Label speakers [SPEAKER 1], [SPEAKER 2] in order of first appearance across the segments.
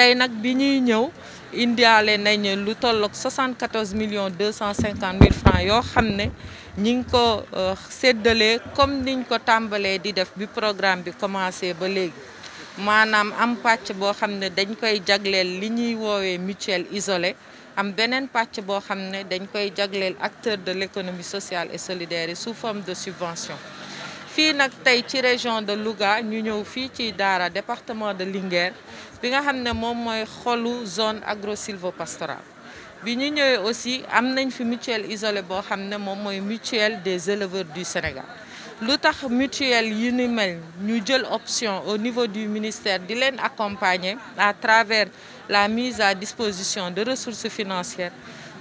[SPEAKER 1] tay nak biñuy ñëw indiale nañ lu tollok 74 millions 250 mille francs yo xamné ne ñi ngi ko euh, sédelé comme niñ ko tambalé di def bi programme bi commencé ba légui manam am patch bo xamné dañ koy jagleel li ñuy woowee mutuelle isolée am benen patch bo xamné dañ koy jagleel acteur de l'économie sociale et solidaire sous forme de subvention dans nag région de Louga nous sommes dans le département de Linger, bi nga xam zone agro-sylvopastorale bi ñu aussi une une mutuelle isolée mutuelle des éleveurs du Sénégal Nous mutuel mutuelle yu option au niveau du ministère di les accompagner à travers la mise à disposition de ressources financières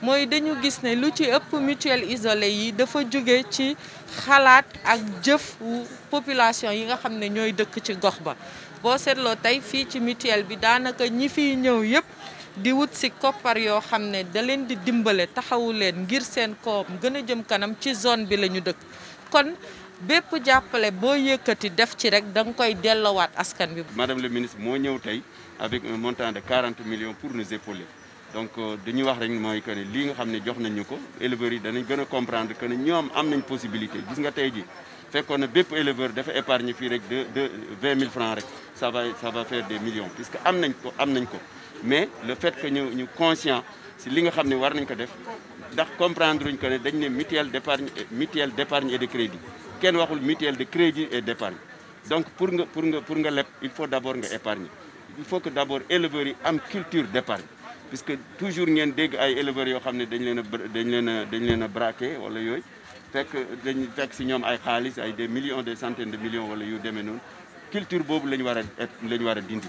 [SPEAKER 1] moy dañu gis né lu ci ëpp mutuelle isolé yi dafa jóge ci xalaat ak jëf population yi nga xamné ñoy dëkk ci gox ba bo sétlo tay fi ci mutuelle bi daanaka ñi fi ñëw yëpp di wut ci koppar yoo xam ne da leen di dimbale taxawu leen ngir seen koom gëna jëm kanam ci zone bi lañu dëkk kon bépp jàppale boo yëkkati def ci rek da nga koy delloowaat askan bi.
[SPEAKER 2] madame le ministre moo ñëw tey avec un montant de 40 millions pour nous épauler donc euh, dañuy wax rek mooy que ne lii nga xam ne ko éleveurs yi danañ gën comprendre que nous ñoom am nañ possibilité gis nga tey ji fekkoon na bépp éleveur dafa épargne fii rek de de vingt francs rek ça va ça va faire des millions puisque am nañ ko am nañ ko mais le fait que ñu ñu conscient c'est li nga xam ne war nañ ko def ndax comprendre uñ que ne dañ ne mutuelle d'épargne mutuelle d'épargne et de crédit kenn waxul mutuelle de crédit et d'épargne donc pour nga pour nga pour nga leb il faut d'abord nga épargner il faut que d'abord éleveurs yi am culture d'épargne puisque toujours ñen dégg ay éleveurs yo xamné ne dañ leen a dañ leena a dañ leen a wala yoy fekk dañ fekk ci ñom ay xaalis ay des millions des centaines de millions wala yu demee noonu culture bobu la wara war wara dindi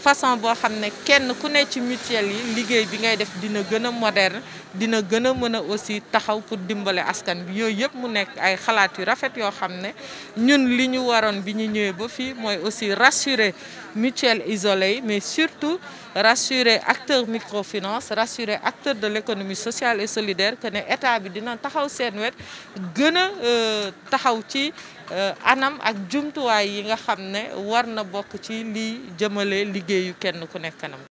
[SPEAKER 1] façon boo xam ne kenn ku ne ci mutuelle yi liggéey bi ngay def dina gën a moderne dina gën a aussi taxaw pour dimbalé askan bi yoy yëpp mu nekk ay xalaat yu rafet yoo ñun li waron waroon bi ñu ba fi moy aussi rassurer mutuel isolé mais surtout rassurer acteur microfinance rassurer acteur de l'économie sociale et solidaire que né état bi dina taxaw seen wét gën euh, taxaw ci euh, anam ak jumtuwaay yi nga xamné war na bokk ci li jëmale liggéeyu kenn ku nekk kanam